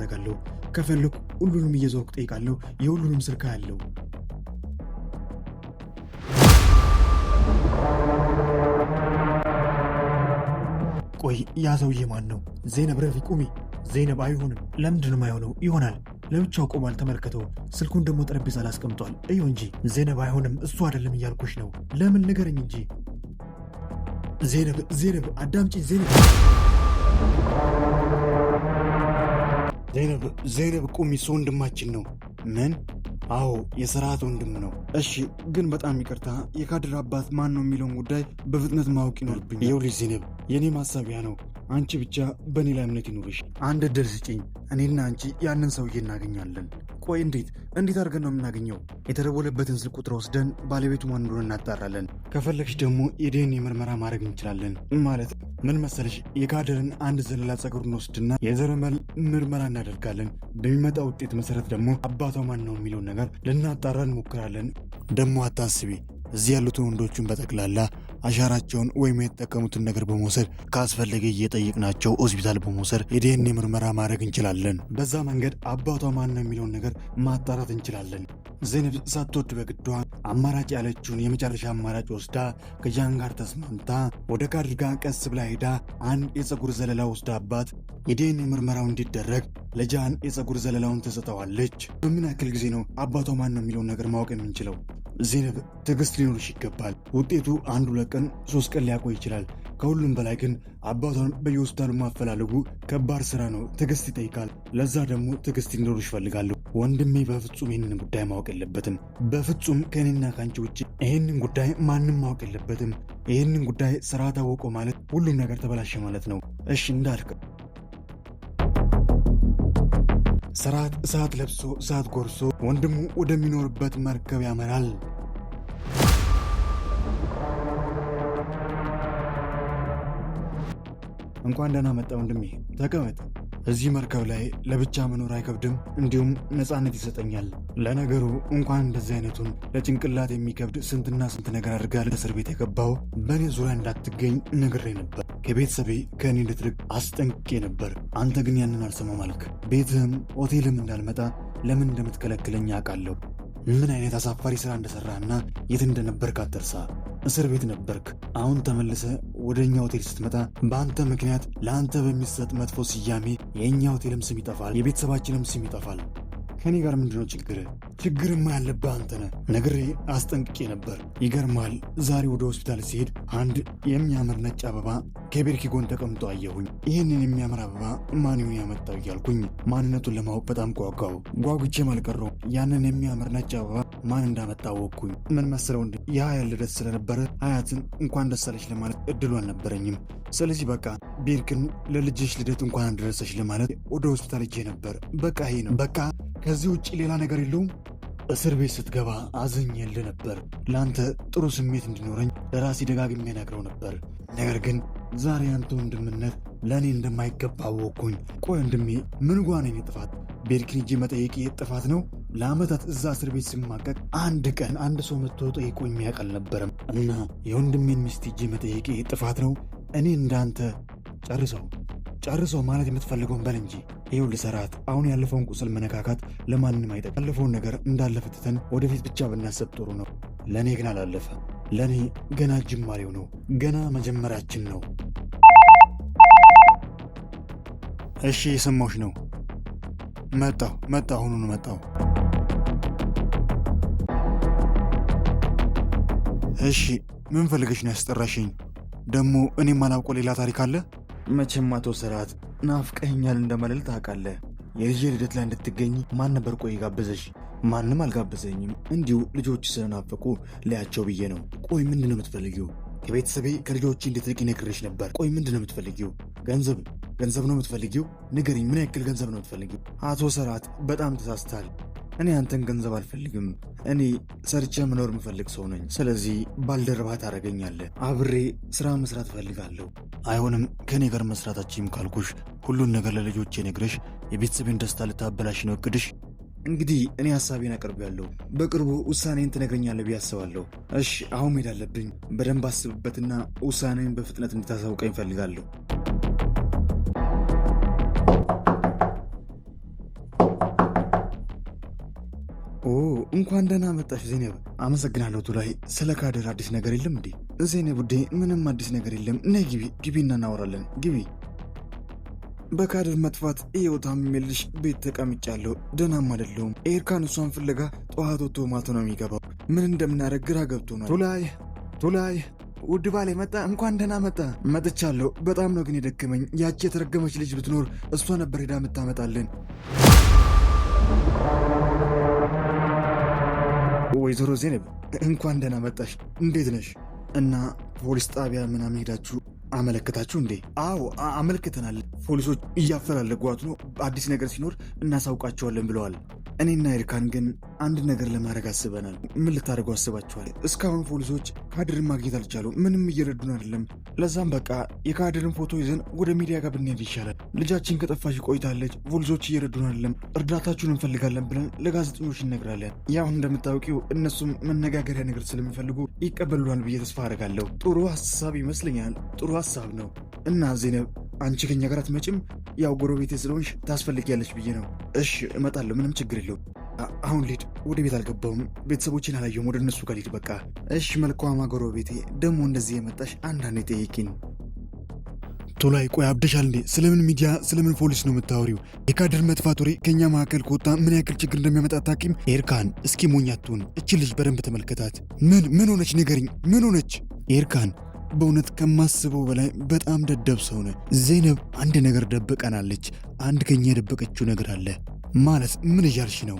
አደርጋለሁ። ከፈለኩ ሁሉንም እየዞርኩ ጠይቃለሁ። የሁሉንም ስልክ ያለው ቆይ ያ ሰውዬ ማን ነው? ዜነብ ረፊ ቁሚ። ዜነብ አይሆንም። ለምንድን ነው አይሆነው? ይሆናል። ለብቻው ቆሟል። ተመልከተው። ስልኩን ደግሞ ጠረጴዛ ላይ አስቀምጧል። እዩ እንጂ ዜነብ አይሆንም። እሱ አይደለም እያልኩሽ ነው። ለምን ንገረኝ እንጂ ዜነብ ዜነብ፣ አዳምጪ ዜነብ ዘይነብ ዘይነብ እኮ ሚሱ ወንድማችን ነው። ምን? አዎ የስርዓት ወንድም ነው። እሺ ግን በጣም ይቅርታ የካድር አባት ማን ነው የሚለውን ጉዳይ በፍጥነት ማወቅ ይኖርብኛል። ይኸውልሽ ዘይነብ፣ የእኔ ማሳቢያ ነው አንቺ ብቻ በእኔ ላይ እምነት ይኑርሽ። አንድ እድል ስጭኝ፣ እኔና አንቺ ያንን ሰውዬ እናገኛለን። ቆይ እንዴት እንዴት አድርገን ነው የምናገኘው? የተደወለበትን ስልክ ቁጥር ወስደን ባለቤቱ ማን እንደሆነ እናጣራለን። ከፈለግሽ ደግሞ የዲኤንኤ ምርመራ ማድረግ እንችላለን። ማለት ምን መሰለሽ፣ የካደርን አንድ ዘለላ ጸጉር እንወስድና የዘረመል ምርመራ እናደርጋለን። በሚመጣ ውጤት መሰረት ደግሞ አባቷ ማን ነው የሚለውን ነገር ልናጣራ እንሞክራለን። ደግሞ አታስቢ፣ እዚህ ያሉትን ወንዶቹን በጠቅላላ አሻራቸውን ወይም የተጠቀሙትን ነገር በመውሰድ ካስፈለገ እየጠየቅናቸው ሆስፒታል በመውሰድ የዲኤንኤ ምርመራ ማድረግ እንችላለን። በዛ መንገድ አባቷ ማን ነው የሚለውን ነገር ማጣራት እንችላለን። ዜንብ ሳትወድ በግዷ አማራጭ ያለችውን የመጨረሻ አማራጭ ወስዳ ከጃን ጋር ተስማምታ ወደ ካድጋ ቀስ ብላ ሄዳ አንድ የፀጉር ዘለላ ወስዳባት የዲኤንኤ ምርመራው እንዲደረግ ለጃን የፀጉር ዘለላውን ትሰጠዋለች። በምን ያክል ጊዜ ነው አባቷ ማን ነው የሚለውን ነገር ማወቅ የምንችለው? ዜነብ ትዕግስት ሊኖርሽ ይገባል። ውጤቱ አንድ ሁለት ቀን ሶስት ቀን ሊያቆይ ይችላል። ከሁሉም በላይ ግን አባቷን በየሆስፒታሉ ማፈላለጉ ከባድ ስራ ነው፣ ትዕግስት ይጠይቃል። ለዛ ደግሞ ትዕግስት ሊኖርሽ እፈልጋለሁ። ወንድሜ በፍጹም ይህንን ጉዳይ ማወቅ የለበትም። በፍጹም ከእኔና ከአንቺ ውጭ ይህንን ጉዳይ ማንም ማወቅ የለበትም። ይህንን ጉዳይ ስራ ታወቀ ማለት ሁሉም ነገር ተበላሸ ማለት ነው። እሺ እንዳልክ ሰራት እሳት ለብሶ እሳት ጎርሶ ወንድሙ ወደሚኖርበት መርከብ ያመራል። እንኳን ደህና መጣ ወንድሜ፣ ተቀመጥ እዚህ መርከብ ላይ ለብቻ መኖር አይከብድም፣ እንዲሁም ነፃነት ይሰጠኛል። ለነገሩ እንኳን እንደዚህ አይነቱን ለጭንቅላት የሚከብድ ስንትና ስንት ነገር አድርጋ ለእስር ቤት የገባው በእኔ ዙሪያ እንዳትገኝ ነግሬ ነበር። ከቤተሰቤ ከእኔ እንድትርቅ አስጠንቅቄ ነበር። አንተ ግን ያንን አልሰማም አልክ። ቤትህም ሆቴልም እንዳልመጣ ለምን እንደምትከለክለኝ አውቃለሁ። ምን አይነት አሳፋሪ ስራ እንደሰራና የት እንደነበርክ አትርሳ። እስር ቤት ነበርክ። አሁን ተመልሰ ወደ እኛ ሆቴል ስትመጣ በአንተ ምክንያት ለአንተ በሚሰጥ መጥፎ ስያሜ የእኛ ሆቴልም ስም ይጠፋል፣ የቤተሰባችንም ስም ይጠፋል። ከኔ ጋር ምንድነው ችግር? ችግርማ ያለብህ አንተ ነህ። ነግሬ አስጠንቅቄ ነበር። ይገርማል። ዛሬ ወደ ሆስፒታል ሲሄድ አንድ የሚያምር ነጭ አበባ ከቤርኪ ጎን ተቀምጦ አየሁኝ። ይህንን የሚያምር አበባ ማንውን ያመጣው እያልኩኝ ማንነቱን ለማወቅ በጣም ጓጓው። ጓጉቼ አልቀረው። ያንን የሚያምር ነጭ አበባ ማን እንዳመጣ አወቅኩኝ። ምን መሰለው እንዴ የሀያ ልደት ስለነበረ ሀያትን እንኳን ደስ ለማለት እድሉ አልነበረኝም። ስለዚህ በቃ ቤርክን ለልጅሽ ልደት እንኳን አደረሰሽ ለማለት ወደ ሆስፒታል እጄ ነበር። በቃ ይሄ ነው በቃ ከዚህ ውጭ ሌላ ነገር የለውም። እስር ቤት ስትገባ አዝኜልህ ነበር። ለአንተ ጥሩ ስሜት እንዲኖረኝ ለራሴ ደጋግሜ ነግረው ነበር። ነገር ግን ዛሬ አንተ ወንድምነት ለእኔ እንደማይገባ አወቅኩኝ። ቆይ ወንድሜ ምን ጓነኝ ጥፋት? ቤርኪን ሂጄ መጠየቄ ጥፋት ነው? ለአመታት እዛ እስር ቤት ስማቀቅ አንድ ቀን አንድ ሰው መጥቶ ጠይቆ የሚያውቅ አልነበረም። እና የወንድሜን ሚስት ሂጄ መጠየቄ ጥፋት ነው? እኔ እንዳንተ ጨርሰው ጨርሰው ማለት የምትፈልገውን በል እንጂ ይሁን ሰራት፣ አሁን ያለፈውን ቁስል መነካካት ለማንም አይጠቅም። ያለፈውን ነገር እንዳለፈ ትተን ወደፊት ብቻ ብናሰብ ጥሩ ነው። ለእኔ ግን አላለፈ። ለእኔ ገና ጅማሬው ነው። ገና መጀመሪያችን ነው። እሺ የሰማሁሽ ነው። መጣሁ መጣሁ፣ አሁኑኑ መጣሁ። እሺ ምን ፈልገሽ ነው ያስጠራሽኝ? ደግሞ እኔም አላውቀው ሌላ ታሪክ አለ መቼም። አቶ ስርዓት ናፍቀኸኛል እንደማለል ታውቃለህ። የልጄ ልደት ላይ እንድትገኝ ማን ነበር ቆይ ጋበዘሽ? ማንም አልጋበዘኝም። እንዲሁ ልጆች ስለናፈቁ ላያቸው ብዬ ነው። ቆይ ምንድን ነው የምትፈልጊው? ከቤተሰቤ ከልጆች እንድትርቂ ነግሬሽ ነበር። ቆይ ምንድን ነው የምትፈልጊው? ገንዘብ ገንዘብ ነው የምትፈልጊው? ንገሪኝ፣ ምን ያክል ገንዘብ ነው የምትፈልጊው? አቶ ሰራት በጣም ተሳስታል። እኔ አንተን ገንዘብ አልፈልግም። እኔ ሰርቼ መኖር የምፈልግ ሰው ነኝ። ስለዚህ ባልደረባ ታደርገኛለህ። አብሬ ስራ መስራት እፈልጋለሁ። አይሆንም፣ ከእኔ ጋር መስራታችም ካልኩሽ ሁሉን ነገር ለልጆቼ ነግረሽ የቤተሰብን ደስታ ልታበላሽ ነው እቅድሽ። እንግዲህ እኔ ሀሳቤን ያለው በቅርቡ ውሳኔን ትነግረኛለህ ብዬ አስባለሁ። እሺ፣ አሁን መሄድ አለብኝ። በደንብ አስብበትና ውሳኔን በፍጥነት እንድታሳውቀኝ እፈልጋለሁ። እንኳን ደህና መጣሽ ዜኔብ። አመሰግናለሁ ቱላይ። ስለ ካድር አዲስ ነገር የለም እንዴ? ዜኔብ ውዴ፣ ምንም አዲስ ነገር የለም። ነይ ግቢ፣ ግቢና እናወራለን። ግቢ። በካድር መጥፋት ይኸው የሚልሽ ቤት ተቀምጫለሁ። ደህናም አይደለሁም። ኤርካን እሷን ፍለጋ ጠዋት ወጥቶ ማታ ነው የሚገባው። ምን እንደምናደርግ ግራ ገብቶናል። ቱላይ፣ ቱላይ ውድ ባሌ መጣ። እንኳን ደህና መጣ። መጥቻለሁ። በጣም ነው ግን የደከመኝ። ያቺ የተረገመች ልጅ ብትኖር እሷ ነበር ሄዳ የምታመጣልን። ወይዘሮ ዜነብ እንኳን ደህና መጣሽ። እንዴት ነሽ? እና ፖሊስ ጣቢያ ምናምን ሄዳችሁ አመለከታችሁ እንዴ? አዎ አመለክተናል። ፖሊሶች እያፈላለጓት ነው። አዲስ ነገር ሲኖር እናሳውቃቸዋለን ብለዋል። እኔና ኤርካን ግን አንድ ነገር ለማድረግ አስበናል። ምን ልታደርጉ አስባችኋል? እስካሁን ፖሊሶች ካድርን ማግኘት አልቻሉ፣ ምንም እየረዱን አይደለም። ለዛም በቃ የካድርን ፎቶ ይዘን ወደ ሚዲያ ጋር ብንሄድ ይሻላል። ልጃችን ከጠፋሽ ቆይታለች። ፖሊሶች እየረዱን አይደለም። እርዳታችሁን እንፈልጋለን ብለን ለጋዜጠኞች እነግራለን። ያሁን እንደምታውቂው እነሱም መነጋገሪያ ነገር ስለሚፈልጉ ይቀበሉናል ብዬ ተስፋ አደርጋለሁ። ጥሩ ሀሳብ ይመስለኛል። ጥሩ ሀሳብ ነው እና ዜነብ አንቺ ከኛ ጋር አትመጭም? ያው ጎረቤቴ ስለሆንሽ ታስፈልጊያለች ብዬ ነው። እሺ እመጣለሁ። ምንም ችግር የለም አለው። አሁን ሊድ ወደ ቤት አልገባውም። ቤተሰቦችን አላየውም ወደ እነሱ ጋር ሊድ በቃ። እሽ መልካም ቤቴ፣ ደግሞ እንደዚህ የመጣሽ አንዳንድ ጠይቂ ቶላይ ቆይ፣ አብደሻል እንዴ? ስለምን ሚዲያ፣ ስለምን ፖሊስ ነው የምታወሪው? የካድር መጥፋት ወሬ ከእኛ መካከል ከወጣ ምን ያክል ችግር እንደሚያመጣ ታቂም። ኤርካን እስኪ ሞኛቱን እች ልጅ በደንብ ተመልከታት። ምን ምን ሆነች ንገሪኝ፣ ምን ሆነች? ኤርካን በእውነት ከማስበው በላይ በጣም ደደብ ሰው ዜነብ አንድ ነገር ደብቀናለች። አንድ ከኛ የደበቀችው ነገር አለ። ማለት ምን እያልሽ ነው?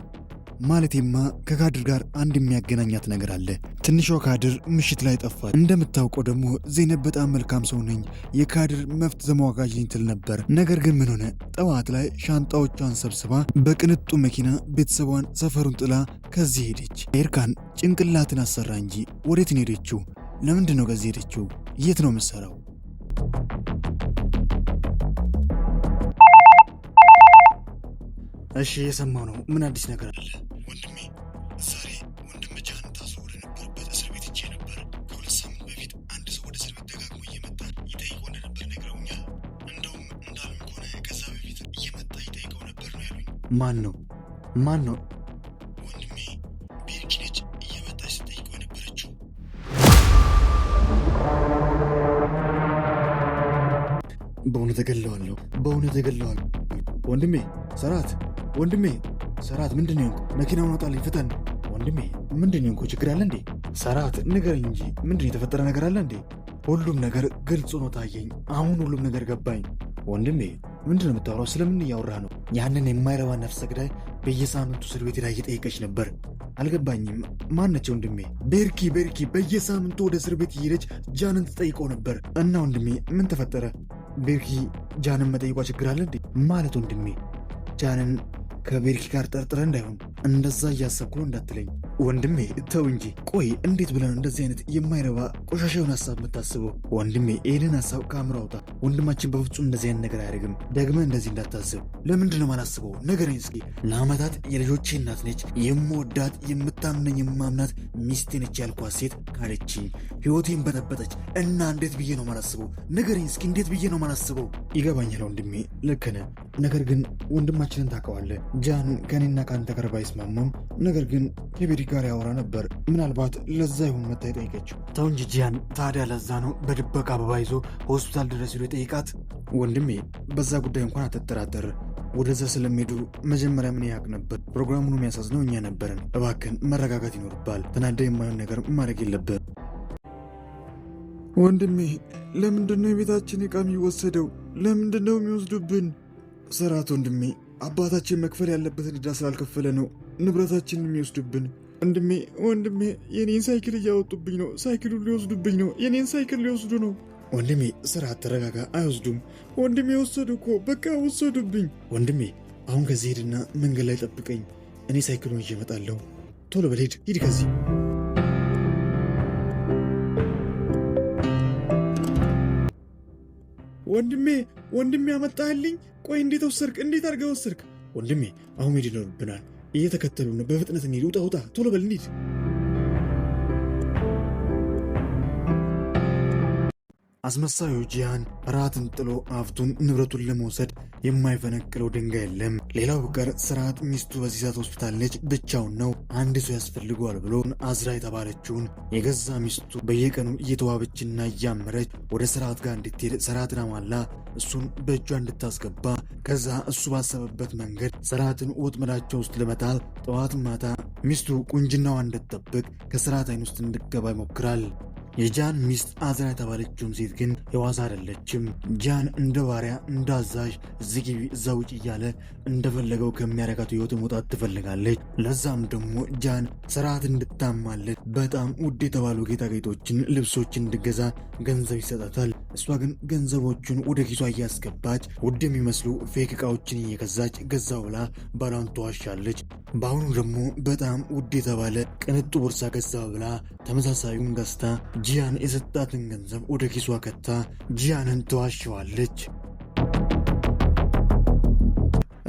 ማለቴማ ከካድር ጋር አንድ የሚያገናኛት ነገር አለ። ትንሿ ካድር ምሽት ላይ ጠፋል። እንደምታውቀው ደግሞ ዜነብ በጣም መልካም ሰው ነኝ፣ የካድር መፍት ተሟጋጅ ነኝ ትል ነበር። ነገር ግን ምን ሆነ? ጠዋት ላይ ሻንጣዎቿን ሰብስባ በቅንጡ መኪና ቤተሰቧን ሰፈሩን ጥላ ከዚህ ሄደች። ኤርካን ጭንቅላትን አሰራ እንጂ ወዴትን ሄደችው? ለምንድን ነው ከዚህ ሄደችው? የት ነው የምትሰራው? እሺ የሰማ ነው። ምን አዲስ ነገር አለ ወንድሜ? ዛሬ ወንድም ጃን ታስሮ ወደ ነበረበት እስር ቤት እጄ ነበር። ከሁለት ሳምንት በፊት አንድ ሰው ወደ እስር ቤት ደጋግሞ እየመጣ ይጠይቀው እንደነበር ነግረውኛል። እንደውም እንዳሉ ከሆነ ከዛ በፊት እየመጣ ይጠይቀው ነበር ነው ያሉኝ። ማን ነው ማን ነው? ወንድሜ ቤርኪ ነች እየመጣች ስጠይቀው የነበረችው። በእውነት እገለዋለሁ፣ በእውነት እገለዋለሁ ወንድሜ ሰራት ወንድሜ ሰራት፣ ምንድን ነው መኪናውን አውጣልኝ፣ ፍጠን። ወንድሜ ምንድን ነው ችግር አለ እንዴ? ሰራት ንገረኝ እንጂ ምንድን የተፈጠረ ነገር አለ እንዴ? ሁሉም ነገር ግልጽ ሆኖ ታየኝ። አሁን ሁሉም ነገር ገባኝ። ወንድሜ ምንድን ነው የምታወራው? ስለምን እያወራ ነው? ያንን የማይረባ ነፍሰ ገዳይ በየሳምንቱ እስር ቤት ላይ እየጠየቀች ነበር። አልገባኝም። ማነች ወንድሜ? ቤርኪ ቤርኪ በየሳምንቱ ወደ እስር ቤት እየሄደች ጃንን ትጠይቀው ነበር። እና ወንድሜ ምን ተፈጠረ? ቤርኪ ጃንን መጠይቋ ችግር አለ እንዴ? ማለት ወንድሜ ጃንን ከቤርኪ ጋር ጠርጥረ እንዳይሆን እንደዛ እያሰብኩ ነው እንዳትለኝ ወንድሜ፣ ተው እንጂ። ቆይ እንዴት ብለን እንደዚህ አይነት የማይረባ ቆሻሻ ሀሳብ የምታስበው ወንድሜ? ይህንን ሀሳብ ከአእምሮ አውጣ። ወንድማችን በፍጹም እንደዚህ አይነት ነገር አያደርግም። ደግመ እንደዚህ እንዳታስብ። ለምንድን ነው የማላስበው? ንገረኝ እስኪ። ለአመታት የልጆቼ እናት ነች፣ የምወዳት የምታምነኝ የማምናት ሚስቴ ነች ያልኳት ሴት ካለችኝ፣ ህይወቴን በጠበጠች እና እንዴት ብዬ ነው የማላስበው? ንገረኝ እስኪ፣ እንዴት ብዬ ነው የማላስበው? ይገባኛል ወንድሜ፣ ልክ ነህ። ነገር ግን ወንድማችንን ታውቀዋለህ። ጃን ከኔና ከአንተ ቀርባይ ባትስማማም ነገር ግን ከቤሪ ጋር ያወራ ነበር። ምናልባት ለዛ ይሁን መታ የጠየቀችው። ተው እንጂ ጂያን፣ ታዲያ ለዛ ነው በድበቅ አበባ ይዞ ሆስፒታል ድረስ ሄዶ የጠይቃት? ወንድሜ፣ በዛ ጉዳይ እንኳን አትጠራጠር። ወደዛ ስለሚሄዱ መጀመሪያ ምን ያቅ ነበር። ፕሮግራሙን የሚያሳዝነው እኛ ነበርን። እባክን መረጋጋት ይኖርባል። ተናዳ የማይሆን ነገር ማድረግ የለብን። ወንድሜ፣ ለምንድነው የቤታችን ዕቃ የሚወሰደው? ለምንድነው የሚወስዱብን? ስርዓት ወንድሜ አባታችን መክፈል ያለበትን ዕዳ ስላልከፈለ ነው ንብረታችንን የሚወስዱብን። ወንድሜ ወንድሜ የኔን ሳይክል እያወጡብኝ ነው። ሳይክሉን ሊወስዱብኝ ነው። የኔን ሳይክል ሊወስዱ ነው። ወንድሜ ስራ ተረጋጋ አይወስዱም። ወንድሜ ወሰዱ እኮ በቃ ወሰዱብኝ። ወንድሜ አሁን ከዚህ ሄድና መንገድ ላይ ጠብቀኝ፣ እኔ ሳይክሉን እየመጣለሁ። ቶሎ በል ሂድ ከዚህ ወንድሜ ወንድሜ ያመጣህልኝ? ቆይ እንዴት ወሰድክ? እንዴት አድርገህ ወሰድክ? ወንድሜ አሁን ሄድ ይኖርብናል። እየተከተሉ ነው። በፍጥነት እንሂድ። ውጣ ውጣ፣ ቶሎ በል እንሂድ። አስመሳዩ ጂያን ራትን ጥሎ ሀብቱን ንብረቱን ለመውሰድ የማይፈነቅለው ድንጋይ የለም። ሌላው ብቀር ስርዓት ሚስቱ በዚህ ሰዓት ሆስፒታል ነች፣ ብቻውን ነው፣ አንድ ሰው ያስፈልገዋል ብሎ አዝራ የተባለችውን የገዛ ሚስቱ በየቀኑ እየተዋበችና እያመረች ወደ ስርዓት ጋር እንድትሄድ ስርዓትን አማላ እሱን በእጇ እንድታስገባ ከዛ እሱ ባሰበበት መንገድ ስርዓትን ወጥመዳቸው ውስጥ ለመጣል ጠዋት ማታ ሚስቱ ቁንጅናዋ እንድትጠብቅ ከስርዓት አይን ውስጥ እንድገባ ይሞክራል። የጃን ሚስት አዝና የተባለችውም ሴት ግን የዋዛ አይደለችም። ጃን እንደ ባሪያ እንደ አዛዥ እዚህ ግቢ እዛ ውጭ እያለ እንደፈለገው ከሚያረጋት ህይወት መውጣት ትፈልጋለች። ለዛም ደግሞ ጃን ስርዓት እንድታማለት በጣም ውድ የተባሉ ጌጣጌጦችን፣ ልብሶችን እንድገዛ ገንዘብ ይሰጣታል። እሷ ግን ገንዘቦቹን ወደ ኪሷ እያስገባች ውድ የሚመስሉ ፌክ እቃዎችን እየገዛች ገዛ ብላ ባሏን ተዋሻለች። በአሁኑ ደግሞ በጣም ውድ የተባለ ቅንጡ ቦርሳ ገዛ ብላ ተመሳሳዩን ገዝታ ጂያን የሰጣትን ገንዘብ ወደ ኪሷ ከታ ጂያንን ተዋሸዋለች።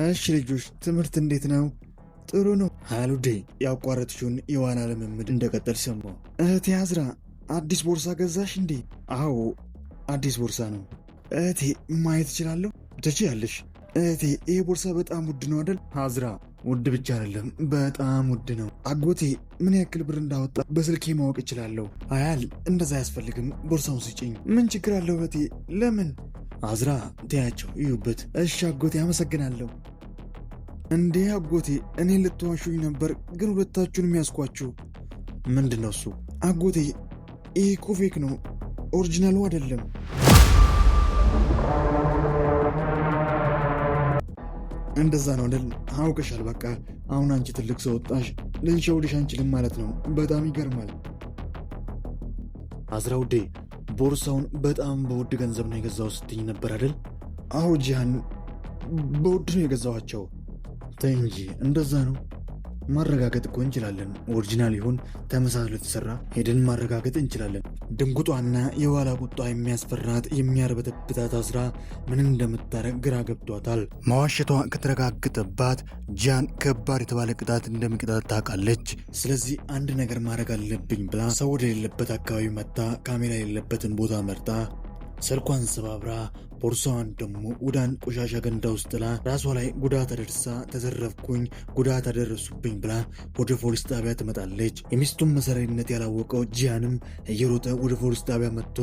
እሺ ልጆች ትምህርት እንዴት ነው? ጥሩ ነው አሉዴ። ያቋረጥሽውን የዋና ልምምድ እንደቀጠል ሰማሁ። እህቴ አዝራ አዲስ ቦርሳ ገዛሽ እንዴ? አዎ አዲስ ቦርሳ ነው እህቴ። ማየት እችላለሁ? ትችያለሽ እህቴ ይሄ ቦርሳ በጣም ውድ ነው አደል? አዝራ ውድ ብቻ አይደለም በጣም ውድ ነው። አጎቴ ምን ያክል ብር እንዳወጣ በስልኬ ማወቅ እችላለሁ። አያል እንደዛ አያስፈልግም። ቦርሳውን ስጭኝ። ምን ችግር አለው እህቴ? ለምን አዝራ ተያቸው፣ ይዩበት። እሺ አጎቴ አመሰግናለሁ። እንዴ አጎቴ እኔ ልትዋሹኝ ነበር፣ ግን ሁለታችሁን የሚያስኳችሁ ምንድን ነው? እሱ አጎቴ ይህ ኮፌክ ነው፣ ኦሪጂናሉ አይደለም። እንደዛ ነው ልል አውቅሻል። በቃ አሁን አንቺ ትልቅ ሰው ወጣሽ፣ ልንሸውድሽ አንችልም ማለት ነው። በጣም ይገርማል። አዝራውዴ ቦርሳውን በጣም በውድ ገንዘብ ነው የገዛው ስትኝ ነበር አይደል? አዎ ጂሃን፣ በውድ ነው የገዛኋቸው። ተይ እንጂ እንደዛ ነው ማረጋገጥ እኮ እንችላለን። ኦሪጂናል ይሁን ተመሳስሎ የተሰራ ሄደን ማረጋገጥ እንችላለን። ድንጉጧና የኋላ ቁጣ የሚያስፈራት የሚያርበተብታት አስራ ምን እንደምታረግ ግራ ገብቷታል። ማዋሸቷ ከተረጋገጠባት ጃን ከባድ የተባለ ቅጣት እንደሚቀጣት ታውቃለች። ስለዚህ አንድ ነገር ማድረግ አለብኝ ብላ ሰው ወደሌለበት አካባቢ መታ ካሜራ የሌለበትን ቦታ መርጣ ስልኳን ሰባብራ ቦርሳዋን ደግሞ ወዳን ቆሻሻ ገንዳ ውስጥ ጥላ ራሷ ላይ ጉዳት አደርሳ ተዘረፍኩኝ፣ ጉዳት አደረሱብኝ ብላ ወደ ፖሊስ ጣቢያ ትመጣለች። የሚስቱን መሰሪነት ያላወቀው ጂያንም እየሮጠ ወደ ፖሊስ ጣቢያ መጥቶ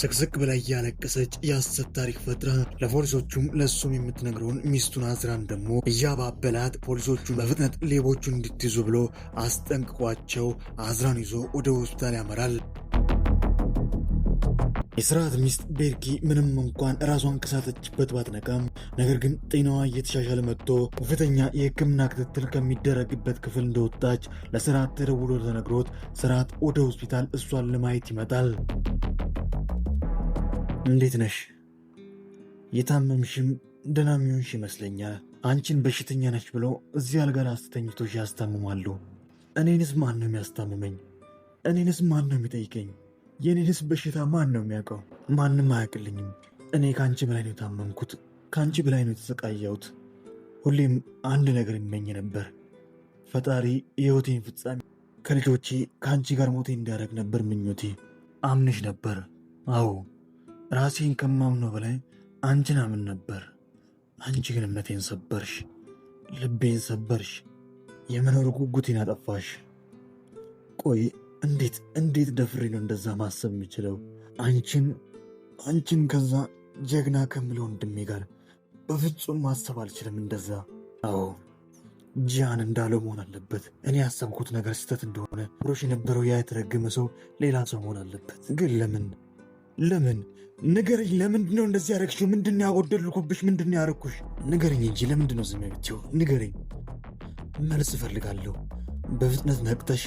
ስቅስቅ ብላ እያለቀሰች የሐሰት ታሪክ ፈጥራ ለፖሊሶቹም ለእሱም የምትነግረውን ሚስቱን አዝራን ደግሞ እያባበላት ፖሊሶቹ በፍጥነት ሌቦቹን እንድትይዙ ብሎ አስጠንቅቋቸው አዝራን ይዞ ወደ ሆስፒታል ያመራል። የስርዓት ሚስት ቤርኪ ምንም እንኳን ራሷን ከሳተችበት ባትነቃም ነገር ግን ጤናዋ እየተሻሻለ መጥቶ ከፍተኛ የሕክምና ክትትል ከሚደረግበት ክፍል እንደወጣች ለስርዓት ተደውሎ ተነግሮት ስርዓት ወደ ሆስፒታል እሷን ለማየት ይመጣል። እንዴት ነሽ? የታመምሽም ደናሚሆንሽ ይመስለኛል። አንቺን በሽተኛ ነች ብሎ እዚህ አልጋ ላይ አስተኝቶሽ ያስታምማሉ። እኔንስ ማን ነው የሚያስታምመኝ? እኔንስ ማን ነው የሚጠይቀኝ? የኔንስ በሽታ ማን ነው የሚያውቀው? ማንም አያውቅልኝም። እኔ ከአንቺ በላይ ነው የታመምኩት፣ ከአንቺ በላይ ነው የተሰቃየሁት። ሁሌም አንድ ነገር ይመኝ ነበር፣ ፈጣሪ የህይወቴን ፍጻሜ ከልጆቼ ከአንቺ ጋር ሞቴ እንዲያደርግ ነበር ምኞቴ። አምንሽ ነበር። አዎ ራሴን ከማምነው በላይ አንቺን አምን ነበር። አንቺ ግን እምነቴን ሰበርሽ፣ ልቤን ሰበርሽ፣ የመኖር ጉጉቴን አጠፋሽ። ቆይ እንዴት እንዴት ደፍሬ ነው እንደዛ ማሰብ የሚችለው? አንቺን አንቺን ከዛ ጀግና ከምለው ወንድሜ ጋር በፍጹም ማሰብ አልችልም። እንደዛ አዎ ጂያን እንዳለው መሆን አለበት። እኔ ያሰብኩት ነገር ስህተት እንደሆነ ብሮሽ የነበረው ያ የተረገመ ሰው ሌላ ሰው መሆን አለበት። ግን ለምን ለምን ንገረኝ። ለምንድን ነው እንደዚህ ያደረግሽው? ምንድን ነው ያጎደልኩብሽ? ምንድን ነው ያደረግኩሽ? ንገረኝ እንጂ ለምንድን ነው ዝም ብትይው? ንገረኝ። መልስ እፈልጋለሁ። በፍጥነት ነቅተሽ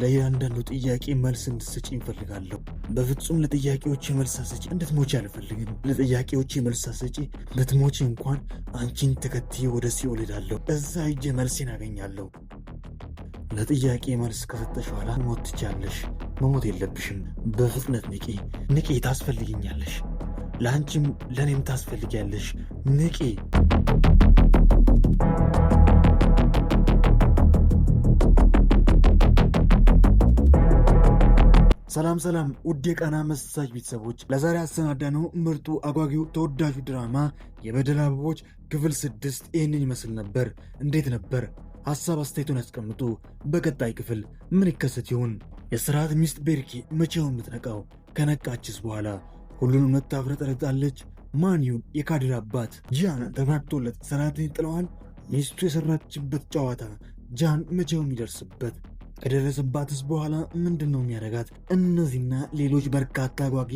ለእያንዳንዱ ጥያቄ መልስ እንድትሰጪኝ እንፈልጋለሁ። በፍጹም ለጥያቄዎች የመልስ አሰጪ እንድትሞች አልፈልግም። ለጥያቄዎች የመልስ አሰጪ ብትሞች እንኳን አንቺን ተከትዬ ወደ ሲኦል ሄዳለሁ። እዛ ሂጄ መልሴን አገኛለሁ። ለጥያቄ መልስ ከሰጠሽ በኋላ ሞት ትችያለሽ። መሞት የለብሽም። በፍጥነት ንቂ፣ ንቂ። ታስፈልግኛለሽ። ለአንቺም ለእኔም ታስፈልጊያለሽ። ንቂ። ሰላም ሰላም ውድ የቃና መሳጭ ቤተሰቦች ለዛሬ ነው። ምርጡ አጓጊው ተወዳጁ ድራማ የበደል አበቦች ክፍል ስድስት ይህንን ይመስል ነበር። እንዴት ነበር? ሀሳብ አስተያየቱን ያስቀምጡ። በቀጣይ ክፍል ምን ይከሰት ይሆን? የስርዓት ሚስት ቤርኪ መቼውን የምትነቃው? ከነቃችስ በኋላ ሁሉንም ታፍረጠረጣለች። ማን ይሁን የካድር አባት? ጂያን ተብራርቶለት ስርዓትን ይጥለዋል። ሚስቱ የሰራችበት ጨዋታ ጃን መቼውም ይደርስበት። ከደረሰባትስ በኋላ ምንድን ነው የሚያደርጋት? እነዚህና ሌሎች በርካታ ጓጊ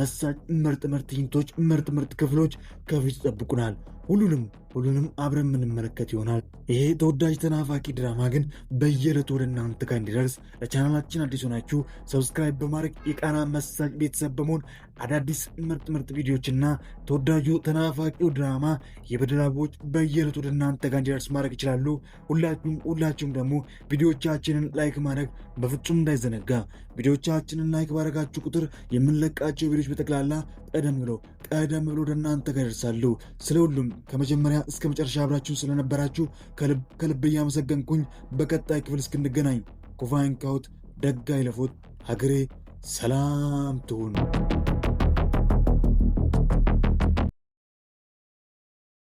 መሳጭ ምርጥ ምርጥ ትዕይንቶች፣ ምርጥ ምርጥ ክፍሎች ከፊት ይጠብቁናል። ሁሉንም ሁሉንም አብረን የምንመለከት ይሆናል። ይሄ ተወዳጅ ተናፋቂ ድራማ ግን በየዕለቱ ወደ እናንተ ጋር እንዲደርስ ለቻናላችን አዲስ ሆናችሁ ሰብስክራይብ በማድረግ የቃና መሳጭ ቤተሰብ በመሆን አዳዲስ ምርጥ ምርጥ ቪዲዮችና ተወዳጁ ተናፋቂው ድራማ የበደል አበቦች በየዕለቱ ወደ እናንተ ጋር እንዲደርስ ማድረግ ይችላሉ። ሁላችሁም ሁላችሁም ደግሞ ቪዲዮቻችንን ላይክ ማድረግ በፍጹም እንዳይዘነጋ። ቪዲዮቻችንን ላይክ ባደረጋችሁ ቁጥር የምንለቃቸው ቪዲዮች በጠቅላላ ቀደም ብሎ ቀደም ብሎ ወደ እናንተ ጋር ይደርሳሉ። ስለ ሁሉም ከመጀመሪያ እስከ መጨረሻ አብራችሁን ስለነበራችሁ ከልብ እያመሰገንኩኝ በቀጣይ ክፍል እስክንገናኝ ኩፋይን ካውት ደጋ ይለፎት ሀገሬ ሰላም ትሁን።